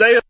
They